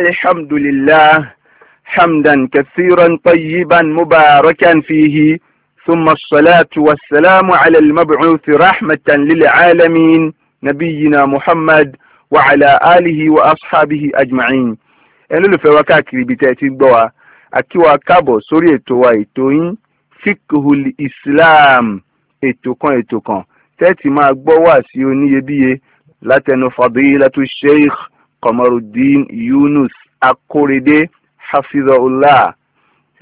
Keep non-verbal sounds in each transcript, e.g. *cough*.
الحمد لله حمدا كثيرا طيبا مباركا فيه ثم الصلاة والسلام على المبعوث رحمة للعالمين نبينا محمد وعلى آله وأصحابه أجمعين إن لفي وكاكري بتأتي الدواء أكيوا كابو سوري تويتوين فقه الإسلام إتوكون إتوكون تأتي ما أقبوا واسيوني بيه لتنو فضيلة الشيخ Kọmọrùdín Yunus Akórèdé hafizahullah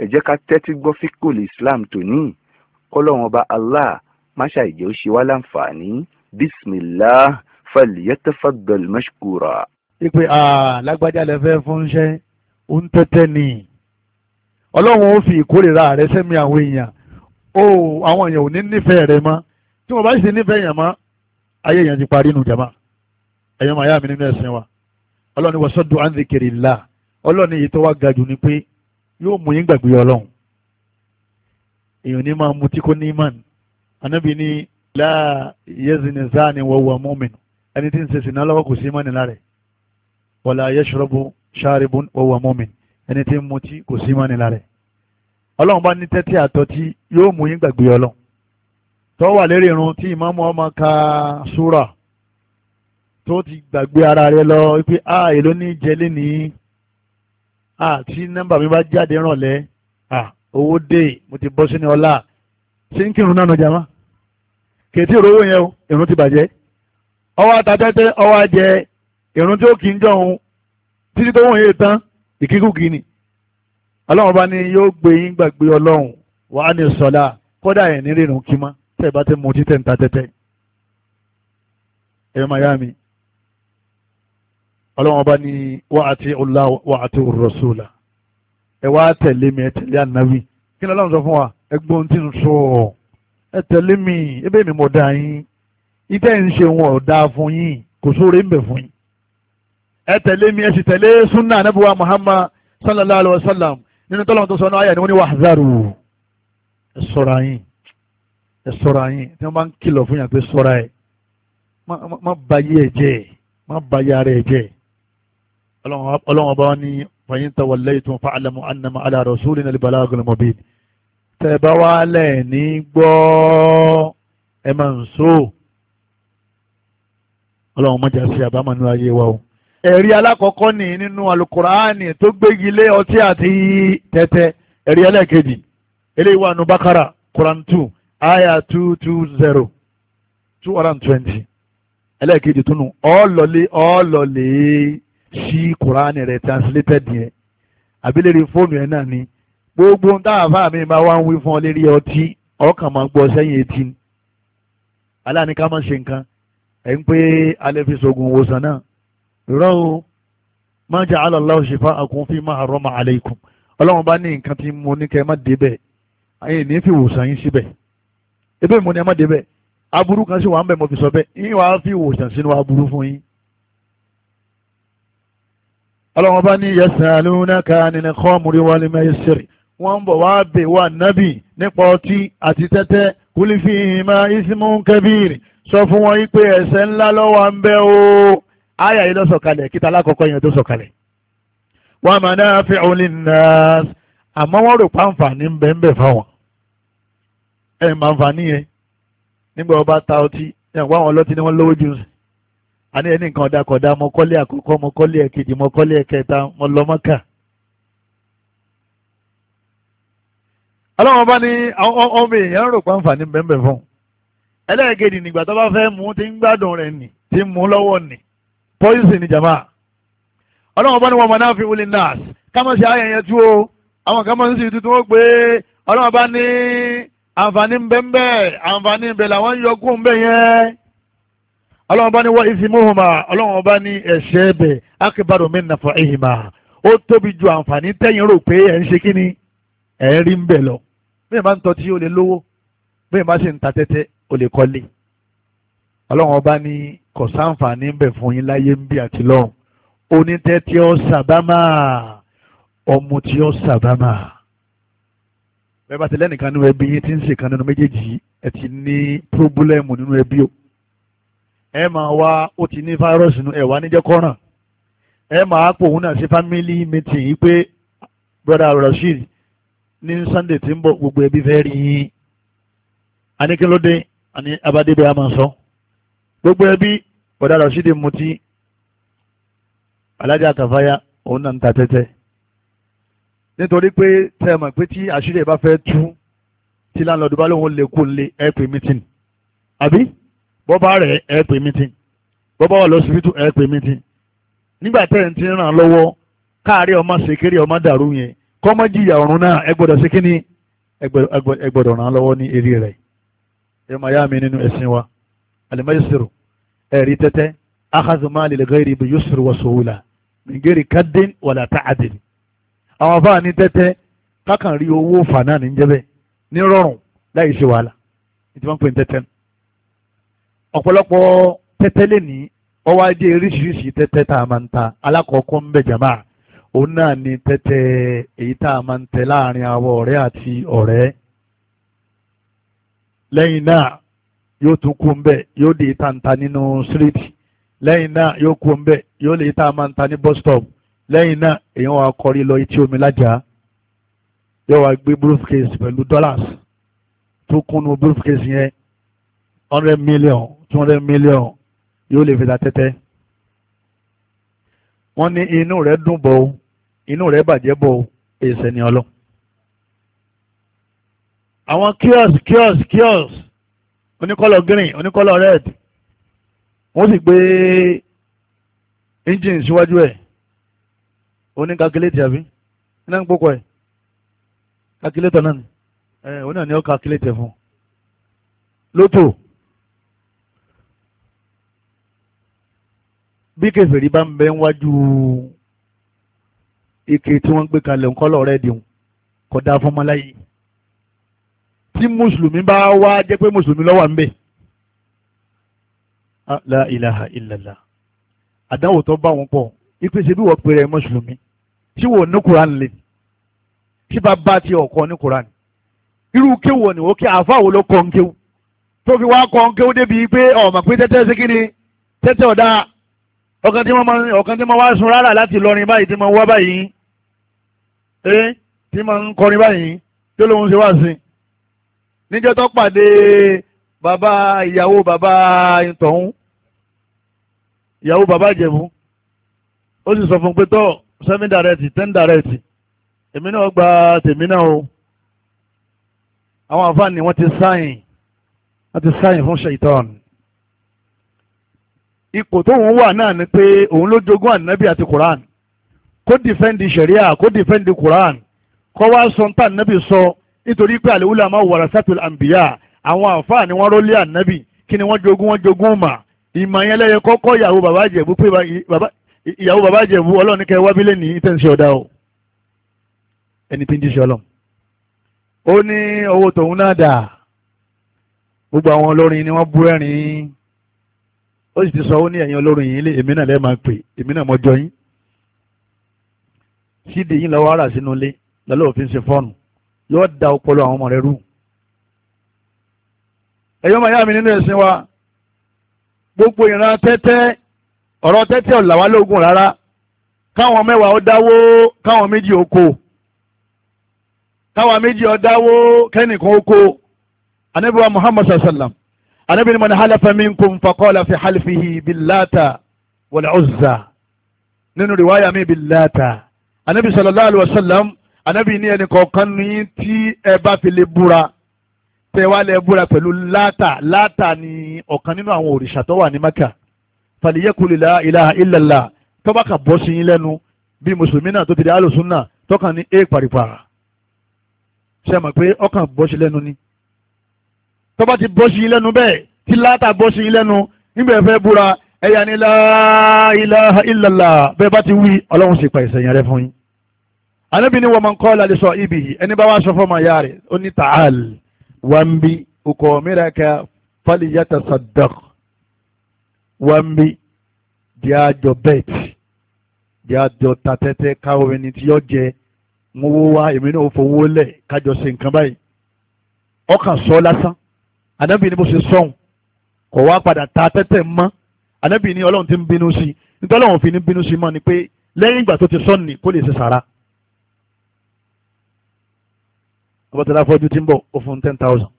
ẹ jẹ́ ká tẹ́tí gbọ́ fíkùl Islam tòní kọ́lọ́hún ọba Allah máṣá ìjẹ́ ó ṣe wá láǹfààní bismillah falyatafaddal mashkura. ipe lágbájá lè fẹ́ fún iṣẹ́ ń tẹ́tẹ́ ni ọlọ́run ó fi ìkórìíra rẹ sẹ́mi àwọn èèyàn ó àwọn èèyàn ò ní nífẹ̀ẹ́ rẹ mọ́ tí wọ́n bá sì nífẹ̀ẹ́ yàn mọ́ ayé èèyàn ti parí nù jàmá ẹ̀yọ́ màá yá mi nínú ẹ̀sìn wa ọlọ́ni wọ́sọ́dù anzikiri ńlá ọlọ́ni èyí tó wá ga jù ni pé yóò mú yín gbàgbé ọlọ́run èèyàn ní máa mutí kó ní imán anábì ní láà yẹ́zìnì záàni wọ́wọ́ mọ́mìn ẹni tí ń sèṣìn náà lọ́wọ́ kò sí imán nílá rẹ̀ wọ́lá yẹ́sọ̀rọ̀bù ṣáàrìbù wọ́wọ́ mọ́mìn ẹni tí ń mutí kò sí imán nílá ọlọ́run bá ní tẹ́tí àtọ́tí yóò mú yín gbàgbé ọlọ́run tọ́wà tó ti gbàgbé ara rẹ lọ wípé a èló ní jẹlé ní a tí nọ́mbà mi bá jáde rànlẹ́ a owó dé mo ti bọ́ sínú ọlá ṣé ń kírun náà nọjà má kètí ìrówó yẹn o ìrún ti bàjẹ́ ọwọ́ atatẹ́tẹ́ ọwọ́ ajẹ ìrún tí ó kì í jọ òun títí tó wọ̀nyí tán ìkíkùkì ni ọlọ́run bá ní yóò gbé yín gbàgbé ọlọ́run wà á ní sọ́lá kódà ẹ̀ ní rírun kí mọ́ tẹ́ bá ti mutí tẹ̀ ń ta tẹ́tẹ́ ẹ̀ máa yá mi ọlọ́wọ́n bá ní wà á ti ọlá wà á ti rọ̀ṣọ́là ẹ wá tẹ̀lé mi ẹ tẹ̀lé ànábì kí ni ọlọ́run sọ fún wa ẹ gbọ́n tí ń sọ ẹ tẹ̀lé mi ebe mi mọ̀ dá yín ìtẹ́ ń ṣe wọn ò dáa fún yín kò sóore ń bẹ̀ fún yín ẹ tẹ̀lé mi ẹ sì tẹ̀lé sunna ànábì Muhammad sallallahu alayhi wa sallam nínú tọ́lọ́mù tó sọ náà ayà ni wọ́n ní wàhálàrù ẹ sọ̀rọ̀ yín ẹ sọ̀rọ̀ yín tí wọ́n bá ń kìlọ̀ fún yàn sọ̀rọ̀ ẹ má bayé ẹ jẹ́ má bayé ara ẹ jẹ́ ọlọ́wọ́n bá ní fàyín tàwọn lẹ́yìn tó ń fa alamu annama ala rasulina al-balagul mubin tẹ́ bá wá lẹ̀ ní gbọ́ ẹ máa ń so ọlọ́wọ́n mọ̀jà sí àbámanú ayé wa o ẹ̀rí alákọ̀ọ́kọ́ ní nínú alukuraani tó gbégi lé ọtí àti tẹ́tẹ́ ẹ̀rí ẹlẹ́ẹ̀kejì eléyìí wà nù bákàrà quran two aya two two zero two hundred and sí kuraani rẹ̀ translated yẹn àbílẹ̀rẹ̀ fóònù ẹ̀ náà ni gbogbo ń dáhàfà mi máa wá ń wí fún ọ lérí ọtí ọkàn máa gbọ́ sẹ́yìn etí ni aláàní ká máa ṣe nǹkan ẹ̀ ń pé alẹ́ fi sọ̀gùn òwòsàn náà rọ́ o máa jẹ́ aláàláwọ̀ ṣèfà àkúnfí máa rọ́ máa alaykum ọlọ́run bá ní nǹkan tí mo ní kẹ́ ẹ má débẹ̀ ẹ̀yìn ní fi wòsàn yín síbẹ̀ ebí mo ní ẹ má débẹ̀ aburú kan sì wà ń bẹ̀ mo fi sọ bẹ́ẹ̀ yín wàá fi wòsàn sínú aburú fún yín ọlọ́wọ́n bá ní yasalunaka anil khamri wal maisiri wọ́n ń bọ̀ wá bè wà nábì nípa ọtí àti tẹ́tẹ́ kúlí fi hìmá ismun kabir sọ fún wọn pé ẹ̀ṣẹ̀ ńlá lọ́wọ́ ń bẹ o áyà yìí ló sọ̀kalẹ̀ kíta alákọ̀ọ́kọ́ yẹn tó sọ̀kalẹ̀ wa manafi'u linnas àmọ́ wọ́n rò pa àǹfààní ń bẹ ń bẹ fáwọn ẹ̀ mà àǹfààní yẹn nígbà wọ́n bá ta ọtí a ní ẹni nǹkan ọ̀dàkọ̀dà mo akọkọ àkọ́kọ́ mo ẹ̀kejì mo ẹ̀kẹta ní ọmọ èèyàn rò pé àǹfààní bẹ́ẹ̀ fún un ẹlẹ́ẹ̀kejì nígbà tó bá fẹ́ mú ti ń gbádùn rẹ̀ nì ti mú lọ́wọ́ nì ni Jamaa. ọlọ́wọ́n bá ní wọn mọ̀ náà fi wuli nurse kámọ́ sí àwọn ó ọlọ́run bá ní wọ́n ìsìmóhùnmá ọlọ́run bá ní ẹ̀ṣẹ̀ ẹ̀bẹ̀ akébàdàn mi nàfà ìhìnmá ó tóbi ju àǹfààní tẹ́yìn rò pé ẹ̀ ń ṣe kí ni ẹ̀ ń rí ń bẹ̀ lọ bẹ́ẹ̀ bá ń tọ́ tí ó lè lówó bẹ́ẹ̀ bá sì ń ta tẹ́tẹ́ ó lè kọ́lé ọlọ́run ọba ní kò sáǹfààní ń bẹ̀ fún yín láyé ń bí àti lọ́run onítẹ́tí ọ sàbámà ọmọ tí ọ sàbámà bẹ́ẹ̀ bá ti lẹ́nìkan nínú ẹbí yín ti ń ṣèkan nínú méjèèjì ẹ ti ní pírọ́bùlẹ́mù nínú ẹbí o ẹ máa wá ó ti ní fáírọ́ọ̀sì nu ẹ̀wà níjẹ́ kọ́ràn ẹ máa pò òun náà sí family meeting yìí pé brother Rashid ní sunday tí ń bọ̀ gbogbo ẹbí fẹ́ rí yín aníkélódé àní abadébẹ̀ a máa sọ gbogbo ẹbí brother Rashid mutí alájà kàfáyà òun náà ń ta tẹ́tẹ́ nítorí pé tẹ́ ẹ mọ̀ pé tí àṣírí ẹ̀ bá fẹ́ tú tí láńlọ́ọ̀dù bá lóun lè kó lé ẹ pè meeting àbí bọ́bá rẹ̀ ẹ pè meeting bọ́bá wà lọ́sibítù ẹ pè meeting nígbà tẹ́ ẹ̀ ń ti ràn lọ́wọ́ káàárẹ̀ ọmọ ṣèkéré ọmọ dàrú yẹn kọ́mọ jìyà ọ̀run náà ẹ gbọ́dọ̀ ṣe kíni ẹ gbọ́dọ̀ ràn án lọ́wọ́ ní eré rẹ̀ ẹ máa yá mi nínú ẹ̀sìn wa alimẹ́sìrò ẹ̀rí tẹ́tẹ́ akásùmá lẹ́gẹ́rì bí yusru wa suhula nìgẹ́rì kádín wàlà ta'adil àwọn afáà ní tẹ́tẹ́ kákan rí owó fàánà níjẹ́bẹ̀ ní rọrùn láì ṣe wàhálà ìtì máa ń pè ọ̀pọ̀lọpọ̀ tẹ́tẹ́ lè ní ọwọ́ ajé oríṣiríṣi tẹ́tẹ́ tá a máa ń ta alákọ̀ọ́kọ́ ń bẹ̀ jàmá òun náà ni tẹ́tẹ́ èyí tá a máa ń tẹ láàrin àwọn ọ̀rẹ́ àti ọ̀rẹ́ lẹ́yìn náà yóò tún kú ń bẹ̀ yóò di ìtàǹtà nínú síríìtì lẹ́yìn náà yóò kú ń yóò lè tá máa ń ta ní bus stop lẹ́yìn náà èèyàn wa kọrí lọ etí omi lájà yóò wá gbé briefcase pẹ̀lú dollars tó kúnnú briefcase yẹn 100 million 200 hundred million yóò lè fi ta tẹ́tẹ́ wọ́n ní inú rẹ̀ dùn bọ̀ o inú rẹ̀ bàjẹ́ bọ̀ o èsè ni ọlọ́ àwọn kiosk kiosk kiosk oníkọ́lọ̀ green oníkọ́lọ̀ red wọ́n sì gbé engine síwájú ẹ̀ oní calculator àbí iná ń pokọ̀ ẹ̀ calculator náà ni ẹ̀ oní àníyàn calculator fún lótò. bí kèfèrí bá ń bẹ wájú ike tí wọ́n ń gbé kalẹ̀ ńkọ́lọ̀ rẹ̀ dìhun kódà fún ọmọláyé tí mùsùlùmí bá wá jẹ́ pé mùsùlùmí ló ń bẹ la ilaha illallah àdáwò tó bá wọn pọ̀ ìpèsè bí wọ́n pèrè mùsùlùmí tí wọ́n ní kuran lè tí bá bá ti ọ̀kọ́ ní kuran irú kéwò ni wọ́n kí àáfàá wo ló kọ́ ń kéwò tó fi wá kọ́ ń kéwò débi pé ọ̀mọ̀ pé tẹ́tẹ́ sí kí ni tẹ́tẹ́ ọ̀dá ọkàn tí wọ́n wá sun rárá láti lọrin báyìí tí wọ́n wá báyìí ẹ tí wọ́n ń kọrin báyìí tí olóhùn ṣe wá sí i níjọ́ tó pàdé bàbá ìyàwó bàbá ìtọ̀hún ìyàwó bàbá ìjẹ̀bú ó sì sọ fún un pé tọ́ seven direct ten direct èmi náà gba tèmi náà o àwọn àǹfààní wọ́n ti sáyìn wọ́n ti sáyìn fún ṣèitán ipò tóun wà náà ni pé òun ló jogún ànábì àti quran kó dìfẹ́ǹdì sẹ̀ríà kó dìfẹ́ǹdì quran kó wá sọ ń tà ànábì sọ nítorí pé àlè wúlò àmọ́ wàrà sátìl àǹbíyà àwọn àfáà ni wọ́n rólé ànábì kí ni wọ́n jogún wọ́n jogún mà ìmọ̀ yẹn lẹ́yẹ kọ́kọ́ ìyàwó bàbá àjẹ̀bú pé ìyàwó bàbá àjẹ̀bú ọlọ́run kẹ́ wá bílẹ̀ ní ìtẹ̀sí ní owó tòun ni ó sì ti sọ ó ní ẹ̀yin olórin yìí lé èmi náà lẹ́ẹ̀ máa pè èmi náà mọ́jọ yín sídìí yín lọ́wọ́ ara sínú ilé lọ́lọ́ òfin ṣe fọ́ọ̀nù yóò da ọpọlọ àwọn ọmọ rẹ rú. ẹ̀yọ́ máa yá mi nínú ẹ̀sìn wa gbogbo ìran tẹ́tẹ́ ọ̀rọ̀ tẹ́tẹ́ ọ̀là wá lóògùn rárá káwọn mẹ́wàá ó dáwó káwọn méjì ó kó káwọn méjì ó dáwó kẹ́nìkan ó kó anábíwá Muhammad sallam anábìrin man halafa minkum faqala fi halfihi billata wal uzza nínú riwaya mi billata anábì sallallahu alayhi wa sallam anábì ní ẹnì kọ̀ọ̀kan ní tí ẹ bá fi lè búra tẹ wá lè búra pẹ̀lú láta láta ni ọ̀kan nínú àwọn òrìṣà tó wà ní maka fàlìyẹ́kùlì la ilaha illallah tọ́ba kà bọ́ sí yín lẹ́nu bí mùsùlùmí náà tó ti di alùsùn náà tọ́kàn ní é pàrìpàrà ṣe mọ̀ pé ọkàn bọ́ sí lẹ́nu ni tó bá ti bọ́ sí yín lẹ́nu bẹ́ẹ̀ tí láàtà bọ́ sí yín lẹ́nu níbẹ̀ fẹ́ búra ẹ̀yà ni la ilaha illallah bẹ́ẹ̀ bá ti wí ọlọ́run sì pa ìsẹ̀yìn rẹ fún yín. anábì ni wọ́n máa ń kọ́ lálẹ́ sọ ibì ẹni bá wá sọ fọ́ọ̀mù ayá rẹ̀ ó ní ta'al wambi ukọ̀ mìíràn ká fàlìyàtà sadak wambi diájọ bẹ́ẹ̀tì diájọ tatẹ́tẹ́ káwọn ẹni tí yọ jẹ ń wó wá èmi náà fowó lẹ̀ kájọ ṣe nǹkan báyìí ọkàn sọ lásán ànábì ni bó ṣe sọ̀hún kò wá padà ta tẹ́tẹ́ mọ́ ànábì ni ọlọ́run ti ń bínú sí i nítorí ọlọ́run fi ní bínú sí i mọ́ ni pé lẹ́yìn ìgbà tó ti sọ́ọ̀nù ni kó lè ṣe sàrà. ọbọ̀tẹ́lá fọ́jú ti ń bọ̀ ó fún ten thousand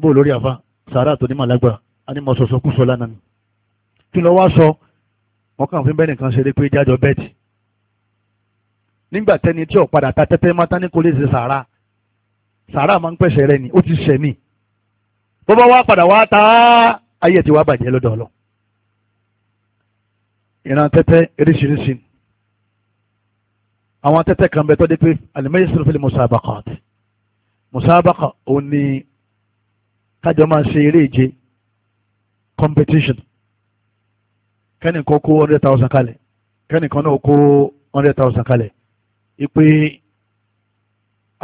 bó lórí àfa sàrà tó ní màlágbà á ní mọ̀ sọ̀sọ̀ kú sọ lánàá ni kí lọ wá sọ wọn kàn fún bẹ́ẹ̀ nìkan ṣeré pé jájọ bẹ́ẹ̀tì nígbà tẹni tí ò padà ta tẹ́tẹ́ mọ́tá ní kó lè ṣe sàrà sàárà máa ń pẹ̀sẹ̀ rẹ ni ó ti sẹ̀ mí bó bá wá padà wá ta ayé ti wá bàjẹ́ lọ́dọ̀ ọlọ ìran tẹ́tẹ́ eréṣiríṣi àwọn tẹ́tẹ́ kan bẹ tọ́jú pé alimẹ́yẹ sọ̀rọ̀ fẹ́lẹ́ musabaka ọ̀tẹ̀ musabaka ò ní kájọ máa ṣe eré ìje competition kẹ́nìkan kó hundred thousand kalẹ̀ kẹ́nìkan náà kó hundred thousand kalẹ̀ ìpè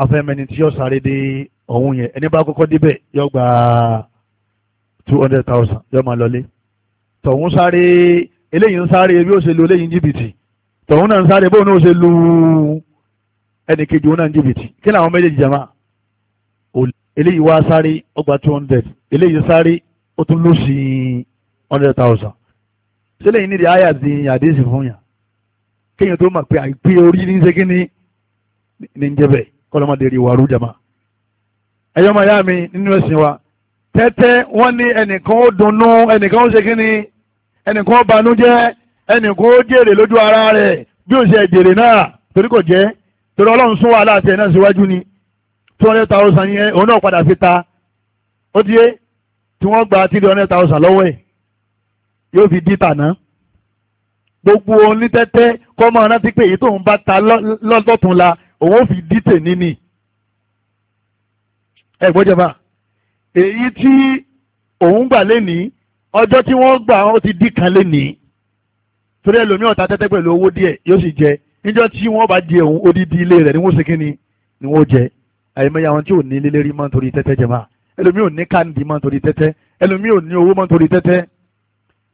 afẹ́mẹ́ni tí yóò sáré dé ọ̀hún yẹn ẹni bá kọ́kọ́ débẹ̀ yóò gba two hundred thousand yóò máa lọlé tọ̀hún sáré eléyìí ń sáré bí ó ṣe lu eléyìí jìbìtì tọ̀hún náà ń sáré bóun náà ṣe lu ẹnì kejì òun náà jìbìtì kí làwọn méjèèjì jama eléyìí wá sáré ó gba two hundred eléyìí sáré ó tún lù sí hundred thousand sílẹ̀ yìí ní di àyà di àdéhùn fún yàn kéèyàn tó mọ̀ pé àìpé orí ní ṣe kí ni ní ń jẹ́ bẹ́ẹ̀ kọlọmọdé rí wàrú jama ẹyọ ọmọ ìyá mi nínú ẹsìn wa tẹ́tẹ́ wọ́n ní ẹnìkan ó dunnú ẹnìkan ó ṣe kí ni ẹnìkan ó banújẹ́ ẹnìkan ó jèrè lójú ara rẹ̀ bí ó ṣe jèrè náà torí kò jẹ́ torí ọlọ́run sún wàhálà àti ẹ̀ síwájú ni two hundred thousand yẹn òun náà padà fi ta ó di é tí wọ́n gba three hundred thousand lọ́wọ́ ẹ̀ yóò fi dí tàná gbogbo onítẹ́tẹ́ kọ́ rántí pé èyí tóun bá ta lọ́tọ̀tún la òun ò fi dítè níní ẹ gbọ́ jẹba èyí tí òun gbà lénìí ọjọ́ tí wọ́n gbà ó ti dí kan lénìí torí ẹlòmíràn ta tẹ́tẹ́ pẹ̀lú owó díẹ̀ yóò sì jẹ níjọ́ tí wọ́n bá jẹ òun odidi ilé rẹ̀ ni wọ́n ṣe kíni ni wọ́n jẹ àyèmẹ́yà wọn tí ò ní lélẹ́rí mọ́ nítorí tẹ́tẹ́ jẹba ẹlòmíì ò ní káńdì mọ́ nítorí tẹ́tẹ́ ẹlòmíì ò ní owó mọ́ nítorí tẹ́tẹ́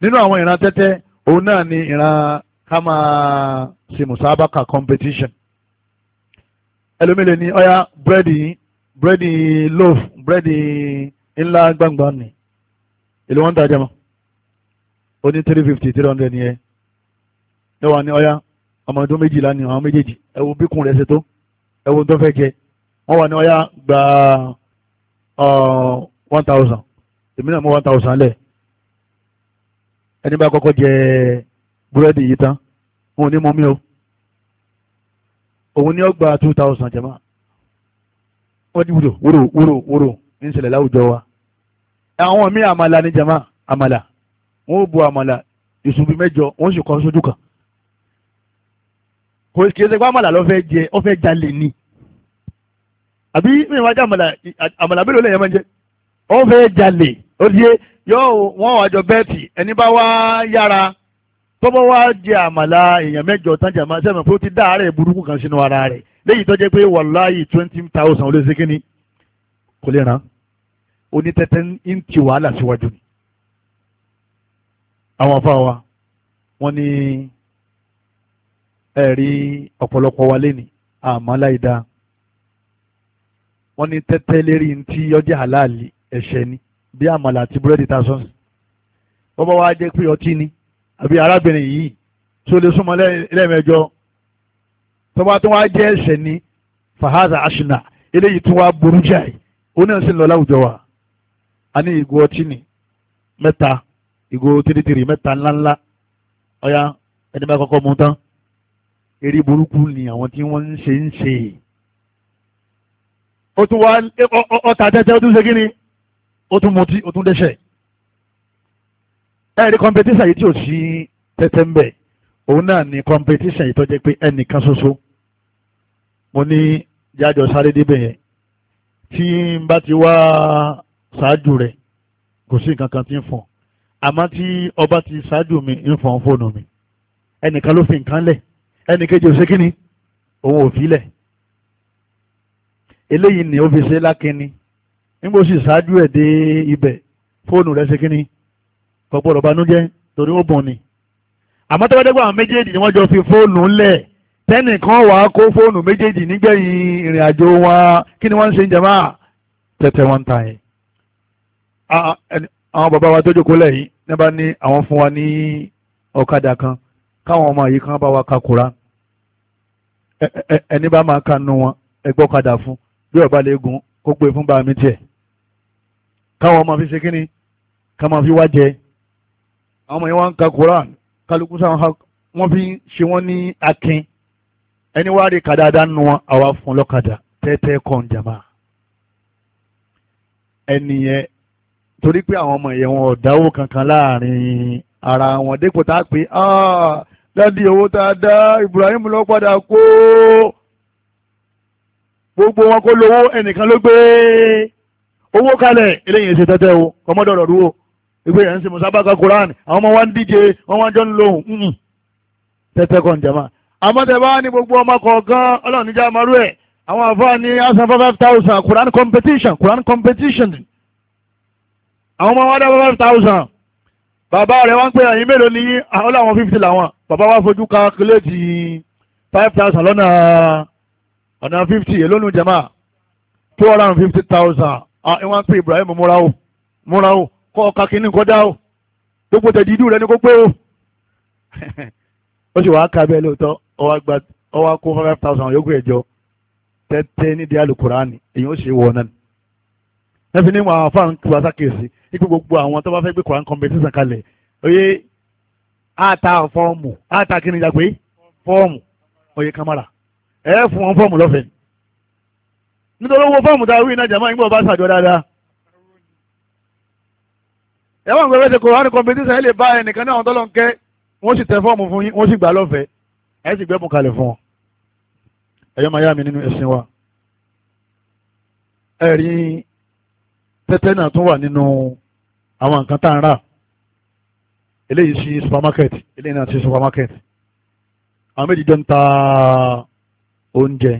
nínú àwọn ìran tẹ́tẹ́ òun náà ni ìran kama máa ṣe competition ẹlòmílẹ̀ ní ọ̀yá búrẹ́dì búrẹ́dì loaf búrẹ́dì ńlá gbangba ni èlò wọn ń tajà mọ́ ó ní three fifty three hundred ni ẹ ẹ wà ní ọ̀yá ọmọ ọdún méjìlá ni àwọn méjèèjì ẹ wo bíkùn rẹ̀ ṣe tó ẹ wo tó fẹ́ jẹ wọ́n wà ní ọ̀yá gba one thousand èmi náà mú one thousand lẹ̀ ẹni bá kọ́kọ́ jẹ búrẹ́dì yìí tán wọn ò ní mọ mi o òun ní ọgbà two thousand jẹ̀mọ́ wọ́n ti wúlò wúrò wúrò wúrò ń ṣẹlẹ̀ láwùjọ wa àwọn míì àmàlà ní jẹ̀mọ́ àmàlà wọ́n ó bu àmàlà ìṣubú mẹ́jọ wọ́n sì kọ́ sójú kan kò kì í ṣe pé àmàlà ló jẹ ó jalè ni àbí mi ìwájú àmàlà àmàlà mélòó lè yẹn máa jẹ ó fẹ́ jalè ó di yóò wọ́n wájọ bẹ́ẹ̀tì ẹni bá wá yára tọ́bọ̀ wá jẹ àmàlà èèyàn mẹ́jọ tán jàmá sẹ́mi pé ó ti dá àárẹ̀ burúkú kan sínú ara rẹ̀ léyìí tó pé wàláyì twenty thousand olóṣèlú kínní kò lè ràn onítẹ̀tẹ̀ ń ti wàhálà síwájú ni. àwọn afá wa wọ́n ní ẹ̀rí ọ̀pọ̀lọpọ̀ wa lẹ́ni àmàlà ìdá wọ́n ní tẹ́tẹ́ lérí ntí ọjà àlàálì ẹ̀ṣẹ̀ ni bí àmàlà àti búrẹ́dì tá a sọ́n bọ́bá wa jẹ́ pé ọtí ni àbí arábìnrin yìí tó lè súnmọ́ lẹ́ẹ̀mẹjọ tó bá tó wá jẹ́ ẹ̀ṣẹ̀ ni fahaza ashina eléyìí tó wá burú jáì ó náà sì lọ láwùjọ wa a ní ìgò ọtí ni mẹ́ta ìgò tìrìtìrì mẹ́ta ńláńlá ọ̀ya ẹni bá kọ́kọ́ mu tán eré burúkú ni àwọn tí wọ́n ń ṣe ń ṣe ó tún wá ọ̀tà tẹ́tẹ́ ó tún ṣe kí ni ó tún mutí ó tún dẹ́ṣẹ̀ ẹ̀rí competition yìí tí ò sí tẹ́tẹ́ ń bẹ̀ òun náà ni competition yìí tó jẹ́ pé ẹnìkan ṣoṣo mo ní jájọ sáré débẹ̀ yẹn tí n bá ti wá ṣáájú rẹ̀ kò sí nǹkan kan tí ń fọ̀n àmọ́ tí ọba ti ṣáájú mi ń fọ̀n fóònù mi ẹnìkan ló fi nǹkan lẹ̀ ẹnìkejì ò ṣe kí òun ò fi eléyìí ni ó fi ṣe lákínni nígbà ó sì ṣáájú ẹ̀ dé ibẹ̀ fóònù rẹ̀ ṣe kí kò gbọ́dọ̀ banújẹ́ torí ó bùn ni àmọ́ tó bá dẹ́gbà àwọn méjèèjì ni wọ́n jọ fi fóònù ńlẹ̀ tẹ́nìkan wà á kó fóònù méjèèjì nígbẹ̀yìn ìrìn àjò wọn kí ni wọ́n ń ṣe ń jẹ máa tẹ́tẹ́ wọn ta yẹn. àwọn bàbá wa tó jókòó lẹ́yìn ní bá ní àwọn fún wa ní ọ̀kadà kan káwọn ọmọ yìí kan bá wa ka kura ẹni bá máa ka nu wọn ẹgbọ́ kadà fún bí ọba lè gùn kó gbé e fún bàmí tiẹ̀ káwọn ọmọ fi ṣe kí ni fi wá jẹ àwọn ọmọ yẹn wọ́n ń ka Quran kálukú sáwọn wọ́n fi ṣe wọ́n ní akin ẹni wá rí kàdáadá nù wọn àwa fún lọ́kadà tẹ́tẹ́ kàn jàmá ẹni yẹn torí pé àwọn ọmọ yẹn wọn ò kankan láàrin ara wọn dépò tá a pè áà ah, dádì owó tá a dá Ibrahim lọ padà kó gbogbo wọn kó lówó ẹnìkan ló gbé owó kalẹ̀ eléyìí ṣe tẹ́tẹ́ o kọ́mọ́dọ̀rọ̀ rú o ìgbé yẹn ń ṣe musabaka Quran àwọn ọmọ wa ń díje wọn wá jọ ń lòun nùn tẹ́tẹ́ kan jẹ́mà àmọ́ tẹ bá ní gbogbo ọmọ kọ̀ọ̀kan ọlọ́run níjà àmọ́rú ẹ̀ àwọn àfáà ní asan five thousand Quran competition Quran competition àwọn ọmọ wa dá five thousand bàbá rẹ̀ wá ń pè ẹ̀yin mélòó ní ọlọ́run ah, fifty làwọn bàbá wa fojú ka kílẹ̀tì five thousand lọ́nà ọ̀nà fifty èló nu jẹ́mà two hundred and fifty thousand ah ìwọ̀n pè Ibrahim múra o kọ́ ọ̀ka kìíní kọjá o gbogbo tẹ̀dídú rẹ ni kó pé o ó sì wàá ka bẹ́ẹ̀ lóòótọ́ ọwọ́ kó five thousand yókù ẹ̀jọ tẹ́tẹ́ nídìí alukurani èyí ó sì wọ̀ náà ẹ̀fìn ní àwọn afáà ń kíwàsá kèsì ipò gbogbo àwọn tó bá fẹ́ gbé koran competition kalẹ̀ oyè ata fọ́ọ̀mù ata kìíní ìjà pé fọ́ọ̀mù oyè kamara ẹ̀ fún wọn fọ́ọ̀mù lọ́fẹ̀ẹ́ nítorí owó fọ́ọ̀mù tá a wí iná jàmáà ń gbọ́ bá ṣàjọ dáadáa ẹ̀wọ̀n gbẹ̀rẹ̀ ṣe kòránì competition ẹ lè bá ẹnìkan náà tọ́lọ́ ń kẹ́ wọ́n sì tẹ fọ́ọ̀mù fún yín wọ́n sì gbà lọ́fẹ̀ẹ́ ẹ sì gbẹ́bùn kalẹ̀ fún ọ ẹ̀yọ́ máa yá mi nínú ẹ̀sìn wa ẹ̀rín tẹ́tẹ́ náà tún wà nínú àwọn nǹkan tá à ń rà eléyìí sí supermarket eléyìí náà sí supermarket àwọn méjì jọ ń ta oúnjẹ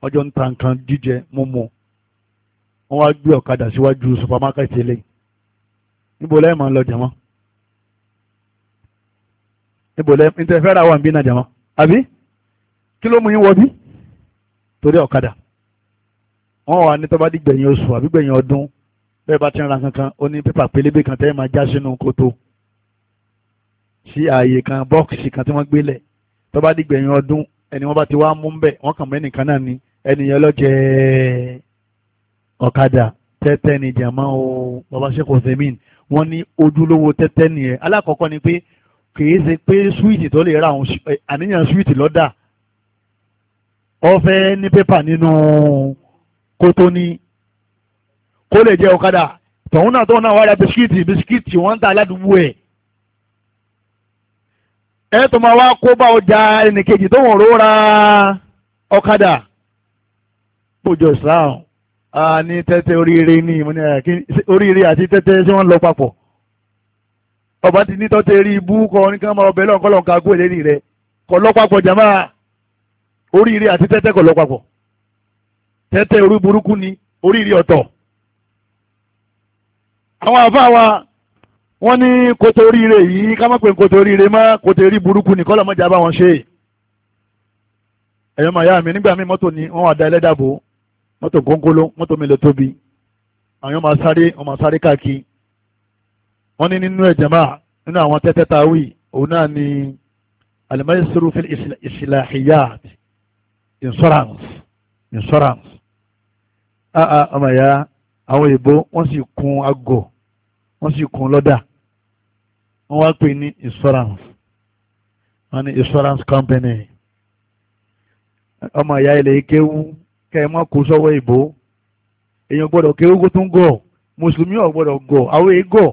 wọ́n jọ ń ta nǹkan jíjẹ mímu wọ́n wá gbé ọ̀kadà síwájú supermarket eléyìí níbo lẹ́yìn máa ń lọ jẹ̀mọ́ níbo lẹ́yìn níta fẹ́ ra wà ń bí náà jẹ̀mọ́ àbí kí ló mú yín wọ bí torí ọ̀kadà wọ́n wà ní tọ́ba dìgbẹ̀yìn oṣù àbí gbẹ̀yìn ọdún bẹ́ẹ̀ bá ti ń ra kankan ó ní pépà pélébé kan tẹ́ máa já sínú kòtò sí ààyè kan bọ́ọ̀sì kan tí wọ́n gbélẹ̀ tọ́ba dìgbẹ̀yìn ọdún ẹni wọ́n bá ti wá mú ń bẹ̀ wọ́n kàn mẹ́nìkan náà ni ẹnìyẹn lọ́jẹ́ ọ̀kadà tẹ́tẹ́ ni jàmá o baba seko zemin wọ́n ní ojúlówó tẹ́tẹ́ nìyẹn alákọ̀ọ́kọ́ ni pé kìí ṣe pé súwìtì tó lè ra àwọn àníyàn súwìtì lọ́dà ọ̀fẹ́ ní pépà nínú kótó ní kó lè jẹ́ ọ̀kadà tọ̀hún náà tọ̀hún náà wá ra bisikíìtì bisikíìtì wọ́n ń ta aládùúgbò ẹ̀ ẹ tó máa wá kó bá ọjà ẹnìkejì tó wọ́n ró ra ọ̀kadà bójú Islam ní tẹ́tẹ́ oríire ní ìmúni eh, oríire àti tẹ́tẹ́ tí wọ́n lọ papọ̀ ọba ti ní tọ́tẹ́ rí ibú kọ nìkan máa ọbẹ̀ lọ́n kọ́lọ́n ká gún èlérí rẹ kọ́ lọ papọ̀ jàmá oríire àti tẹ́tẹ́ kọ́ lọ papọ̀ tẹ́tẹ́ orí burúkú ni oríire ọ̀tọ̀ àwọn àfa wa wọ́n ní kòtò oríire yìí ká má pè kòtò oríire má kòtò orí burúkú ní kọ́lọ́ bá wọn ṣe ẹ̀yọ́ ni wọ́n wà da mọ́tò góńgóló mọ́tò mi lè tóbi àwọn máa sáré wọ́n máa sáré káàkiri wọ́n ní nínú ẹ̀jẹ̀ máa nínú àwọn tẹ́tẹ́ tá a wí òun náà ni alimẹ́sirú fil ìsìláhìyàt insurance insurance aa ọmọ ìyá àwọn òyìnbó wọ́n sì kun agọ̀ wọ́n sì kun lọ́dà wọ́n wá pè ní insurance wọ́n ní insurance company ọmọ ìyá ilẹ̀ kéwú kẹ́ ẹ mọ́ kó sọ́wọ́ ìbò èèyàn gbọ́dọ̀ kéwógó tó ń gọ̀ mùsùlùmí ò gbọ́dọ̀ gọ̀ àwọn èègọ̀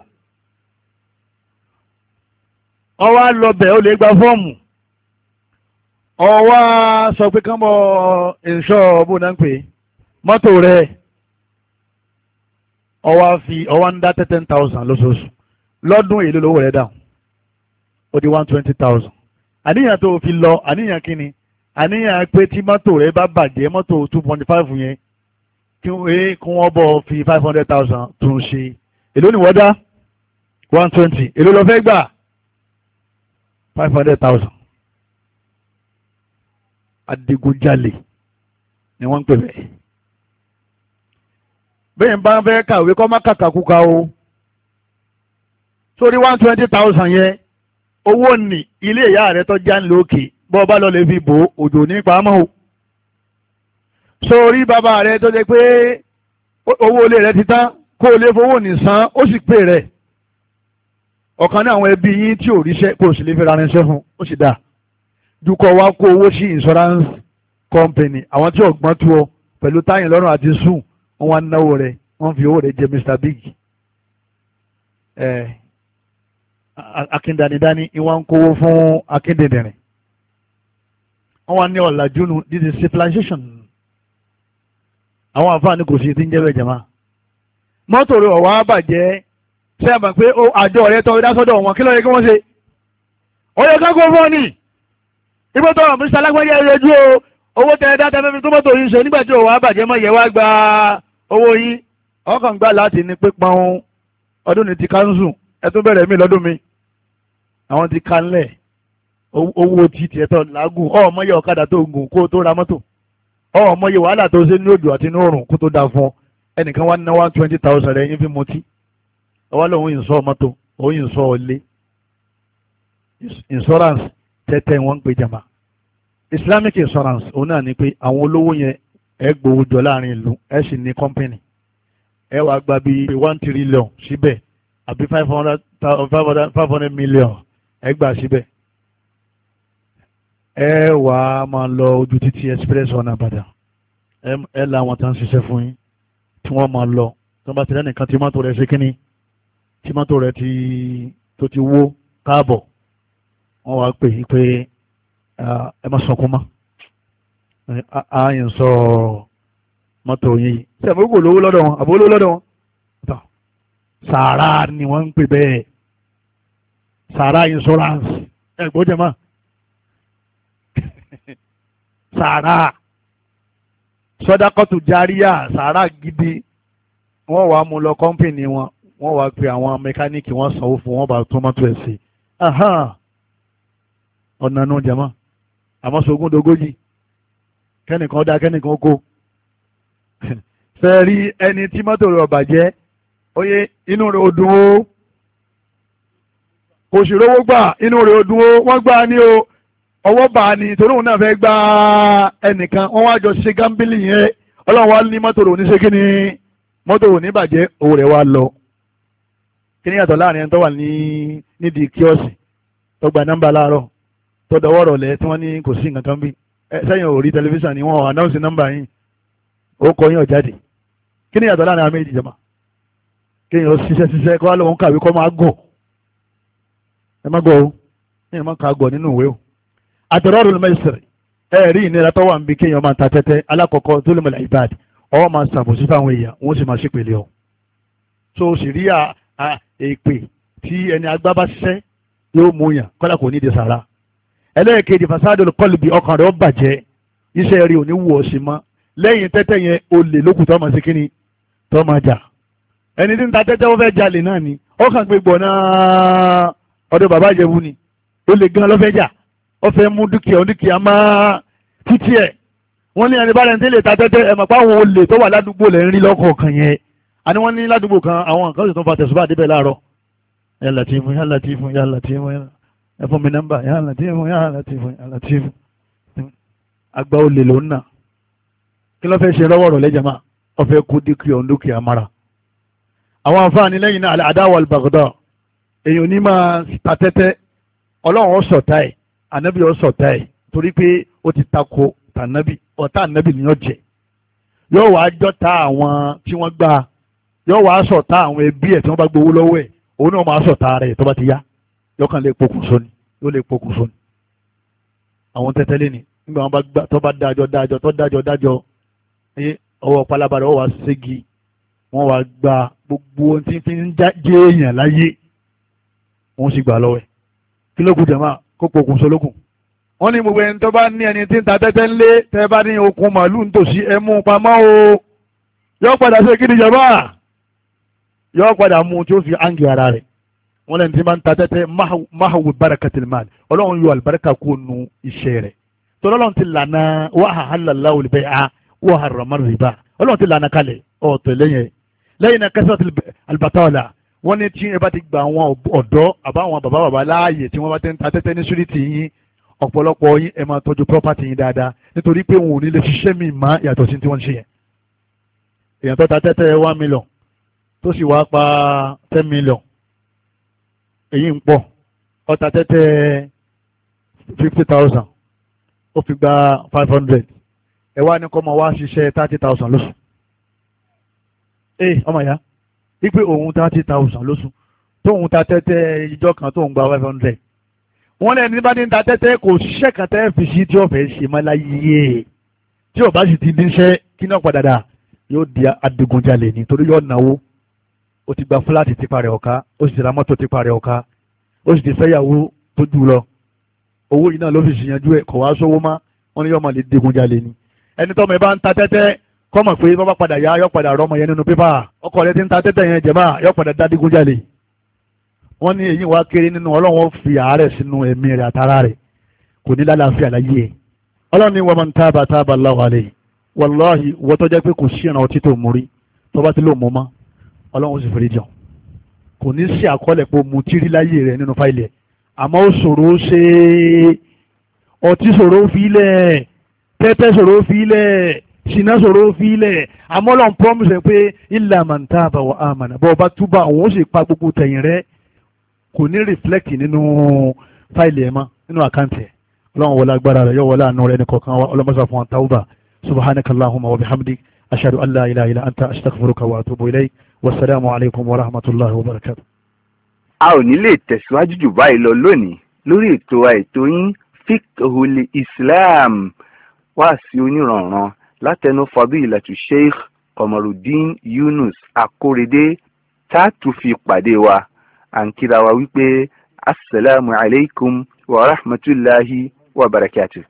ọwọ́ lọ́bẹ̀ ó lè gba fọ́ọ̀mù ọwọ́ sọ pé kán bọ́ ìṣọ́ bó náà ń pè mọ́tò rẹ̀ ọwọ́ fi ọwọ́ ń dá ten thousand lóṣooṣù lọ́dún èlò lówó rẹ̀ dáhùn ó di one twenty thousand àníyàn tó fi lọ àníyàn kí ni àníyàn pé tí mọ́tò rẹ bá bàjẹ́ mọ́tò two point five yẹn kí wọ́n eh, bọ̀ fi five hundred thousand tún ṣe èló ni wọ́n dá one twenty èló lọ fẹ́ gbà five hundred thousand adigunjalè ni wọ́n ń pè bẹ́ẹ̀ bẹ́ẹ̀ bá fẹ́ kàwé kọ́ má kàkàkùkà o sórí one twenty thousand yẹn owó ní ilé ìyá rẹ tó já ń lókè bọ́ bá lọ lè fi bò òjò ní pamọ́ o sórí bàbá rẹ tó jẹ pé owó ilé rẹ ti tán kó o lè fowó nìsan ó sì pè rẹ ọ̀kan náà àwọn ẹbí yín tí ò ríṣẹ́ kó o sì lè fi ránṣẹ́ fún ó sì dáa ju kọ́ wa kó owó sí insurance company àwọn tí ọ̀gbọ́n tó ọ pẹ̀lú táyìn lọ́rùn àti sùn wọ́n wá náwó rẹ̀ wọ́n fi owó rẹ̀ jẹ Mr Big akíndanidani ìwà ń kówó fún akíndìndìrín wọ́n wá ní ọ̀làjú nu this is civilization àwọn àǹfààní kò sí ti ń jẹ́ bẹ́ẹ̀ jẹ̀má mọ́tò rẹ̀ ọ̀wá bàjẹ́ ṣé ẹ mọ̀ pé ó àjọ rẹ̀ tọ́ ìdásọ́dọ̀ wọn kí ló yẹ kí wọ́n ṣe ọ̀yọ́ kákó fún ọ ní ìgbọ́tọ̀ mr alágbájá ẹ̀rẹ́jú o owó tẹ ẹ̀dá tẹ́fẹ́ fi tó mọ́tò yìí ṣe nígbà tí òwò àbàjẹ́ mọ́ yẹ wá gba owó yín ọkàn gbà láti ní pípọn ọdún ní ti kánṣu ẹ tún bẹ̀rẹ̀ mí lọ́dún mi àwọn ti kanlẹ̀ owó tí tiẹ̀ tọ́ làágùn ọ̀ọ́mọye ọ̀kadà tó gùn kó tó ra mọ́tò ọ̀ọ́mọye wàhálà tó ṣe ní òjò àti ní òrùn kó tó da fún ọ ẹnìkan wá ná one twenty thousand rẹ̀ yín fi mutí ọwọ́ lòun ìsọ mọ́tò òun ìsọ ọ̀lẹ́ insurance tẹ́tẹ́ wọ́n ń pè jàmá islamic insurance òun náà ni pé àwọn olówó yẹn ẹ gbowó jọ láàrin ìlú ẹ sì ní company ẹ wàá gba bíi one trillion síbẹ̀ àbí five hundred five hundred million ẹ gbà síbẹ̀ ẹ wà á máa lọ ojú títí express ọ̀nà àbàdàn ẹ la àwọn tá à ń ṣiṣẹ́ fún yín tí wọ́n máa lọ tó bá ti rẹ́ nìkan tìmọ́tò rẹ̀ ṣe kínní tìmọ́tò rẹ̀ tó ti wó káàbọ̀ wọ́n wá pè é pé ẹ má sọkún mọ́ a yẹn sọ mọ́tò yín yìí ṣe àbúrò lówó lọ́dọ̀ wọn àbúrò lówó lọ́dọ̀ wọn sàárà ni wọ́n ń pè bẹ́ẹ̀ sàárà insurance ẹ̀gbọ́n jẹ́ máa sàárà sọdakọtù járíà sàárà gidi wọ́n wàá mú lọ kọ́ńpìnì wọn wọ́n wàá pe àwọn mẹkáníìkì wọ́n sanwó fún wọn bá tó mọ́tò ẹ̀ sí ọ̀nà náà jẹ̀mọ́ àmọ́ sogún dogoji kẹ́nìkan dá kẹ́nìkan kó *laughs* fẹ́ẹ́ rí ẹni tí mọ́tò rẹ̀ ọ̀bàjẹ́ oyè inú rẹ̀ ò dùn ó kò sì rówó gbà inú rẹ̀ ò dùn wọ́n gbà ní o ọwọ́ bá a ní torí òun náà fẹ́ gba ẹnìkan wọ́n wá jọ ṣe gámbílì yẹn ọlọ́run wá ní mọ́tò rò ní ṣe kí ni mọ́tò rò ní bàjẹ́ owó rẹ̀ wá lọ. kí ni yàtọ̀ láàrin ẹni tó wà ní nídìí kíọ́sì tó gba nọ́mbà láàárọ̀ tó kò sí nǹkan kan bí tẹlifíṣàn ni wọ́n nọ́mbà ó kọ yín ọ̀jáde kí ni yàtọ̀ láàrin àdúrọ́rù mẹ́sìrì ẹ rí ìnira tó wà níbi kéèyàn máa ta tẹ́tẹ́ alákọ̀ọ́kọ́ tó lè mọ̀lá ìbàdí ọwọ́ máa ṣàbòsí fáwọn èèyàn wọ́n sì máa ṣe pèlè ọ. tó o sì rí èpè tí ẹni agbá bá ṣiṣẹ́ yóò mú yàn kọ́lá kò ní di sàrà. ẹlẹ́ẹ̀kejì fasádùn kọ́lùbì ọkàn rẹ̀ ó bàjẹ́ iṣẹ́ rí òní wù ọ́ sí mọ́ lẹ́yìn tẹ́tẹ́ yẹn olè lókùn tó máa ṣe kíni tó máa jà. ẹni tí ń ta tẹ́tẹ́ wọ́n fẹ́ jalè náà ni ọkàn gbẹgbọ̀ náà ọdọ bàbá ìjẹ̀bú ni olè gan ló jà ọfẹ mú dúkìá oníkìá máa títí ẹ wọ́n ní ẹni bára ẹni tí lè ta tẹ́tẹ́ ẹ mọ̀ pé àwọn olè tó wà ládùúgbò lẹ ń rí lọ́kọ̀ọ̀kan yẹn àní wọ́n ní ládùúgbò kan àwọn nǹkan tuntun fa tẹsùbà débẹ̀ láàárọ̀ ya Latifu ya Latifu ya Latifu ẹ fún mi nọ́mbà ya Latifu ya Latifu ya Latifu àgbà olè ló ń nà kí ló fẹ́ ṣe lọ́wọ́ rọ̀ lẹ́jàmá ọ̀fẹ́ kú dúkìá ondúkìá mara àwọn àǹfààní lẹ́yìn náà àdáwọ̀ àlùbàgọ́dọ̀ èèyàn ní máa ta tẹ́tẹ́ ọlọ́run ó sọ̀tá ẹ̀ ànábì ọ̀sọ̀ tá ẹ̀ torí pé ó ti tako tànábì ọ̀tá ànábì ni yóò jẹ yóò wá jọ́ta àwọn tí wọ́n gbà yóò wá ṣọ̀tá àwọn ẹbí ẹ̀ tí wọ́n bá gbowó lọ́wọ́ ẹ̀ òun náà máa ṣọ̀tá rẹ̀ tó bá ti yá yọkàn lè pokùnso ni yóò lè pokùnso ni àwọn tẹ́tẹ́lé ni nígbà wọn bá gbà tó bá dájọ́ dájọ́ tó dájọ́ dájọ́ ọwọ́ pálábàrà wọ́n wá ségi wọ́n wá gba gbogbo ohun tí fi ń jẹ́ èèyàn láyé wọ́n sì gbà lọ́wọ́ ẹ̀ kí máa kó pokùn sológun wọ́n ní gbogbo ẹni tó bá ní ẹni tí ń ta tẹ́tẹ́ ńlé tẹ́ bá ní okun màálù nítòsí ẹ mú pamọ́ o yọ padà sí kí ni jọba yọ padà mú tí ó fi áńgì ara rẹ̀ wọ́n lẹ́ni tí máa ń ta tẹ́tẹ́ máhàwù barakatil mal ọlọ́run yọ àlùbáríkà kó nu iṣẹ́ rẹ̀ tọ́lọ́ ọlọ́run ti lànà wàhà hàlàláwò lè a wàhà rọ̀mọ́rìbá ọlọ́run ti lànà kalẹ̀ ọ̀tọ̀ lẹ́yìn lẹ́yìn náà kẹsàn-án àlùbátà ọ̀la wọ́n ní tí ẹ bá ti gba àwọn ọ̀dọ́ àbáwọn bàbá bàbá láàyè tí wọ́n bá ti ń ta tẹ́tẹ́ ní súrìtì yín ọ̀pọ̀lọpọ̀ yín ẹ máa tọ́jú property yín dáadáa nítorí pé wọn ò ní lè ṣiṣẹ́ mi má yàtọ̀ sí tí wọ́n ń ṣe yẹn. èèyàn tó ta tẹ́tẹ́ one million tó sì wáá pa ten million èyí ń pọ̀ ó ta tẹ́tẹ́ fifty thousand ó fi gba five hundred ẹ wá ní kọ́ ọmọ wá ṣiṣẹ́ thirty thousand lóṣù. ẹ ọmọ ìyá wípé òun thirty thousand lóṣù tóun ta tẹ́tẹ́ ìjọ kan tóun gba five hundred wọ́n lẹ́ni bá ní ta tẹ́tẹ́ kò ṣiṣẹ́ kan tẹ́ fi sí tí ọ̀fẹ́ ṣe máa láyé tí ọba sì ti níṣẹ́ kí náà padà dà yóò di adigunjalè ni torí yóò náwó ó ti gba fúláàtì tipa rẹ̀ ọ̀ka ó sì ti ra mọ́tò tipa rẹ̀ ọ̀ka ó sì ti fẹ́yàwó tó jù lọ owó yìí náà ló fi ṣìyànjú ẹ̀ kọ̀ wá sówó má wọ́n ní yóò máa lè digunjalè ni ẹni tọ́mọ ẹ bá kọ́mọ̀ pé bọ́ bá padà yá yọ padà rọmọ yẹn nínú pépà ọkọ rẹ ti ń ta tẹ́tẹ́ yẹn jẹ̀má yọ padà dadigunjalè wọ́n ní èyí wá kéré nínú ọlọ́run fi àárẹ̀ sínú ẹ̀mí rẹ̀ àtàrà rẹ̀ kò ní lálàáfíà láyé ẹ̀ ọlọ́run ní wọ́n tábà tábà láwà lè wàláhì wọ́n tọ́jọ́ pé kò sí ìrànwọ́ títò mórí tó bá ti lò mọ́ mọ́ ọlọ́run sì fèrè jàn kò ní sí àkọọ́lẹ̀ pé mu tírí láyé rẹ̀ nínú fáìlì ẹ̀ àmọ́ ó ṣòro ṣe ọtí ṣòro fi tẹ́tẹ́ ṣòro fi ṣìnà sọ̀rọ̀ fílẹ̀ amọ́lọ́n promise pé illa man taba wa amana bọ́ ọba túbà òun ó sì pa gbogbo tẹ̀yìn rẹ kò ní reflect nínú fáìlì ẹ̀ mọ́ nínú àkáǹtì ẹ̀ ọlọ́run wọlé agbára rẹ̀ yọ wọlé àánú rẹ̀ nìkọ̀ọ̀kan wa ọlọ́mọṣà fún tawba subhanakallahumma wa bihamdik ashhadu an la ilaha illa anta astaghfiruka wa atubu ilayk wasalaamu alaykum wa rahmatulahi wa barakatu. a ò ní lè tẹ̀síwájú jù báyìí lọ lónìí lórí ètò àìtó yín fiqhul islam wá sí onírànran látẹnu fadilatu sheikh Kọmọrùdín Yunus Akórèdé tá a tún fi pàdé wa à ń kíra wa wípé asalaamualeykum wa rahmatulahi wa barakatuh.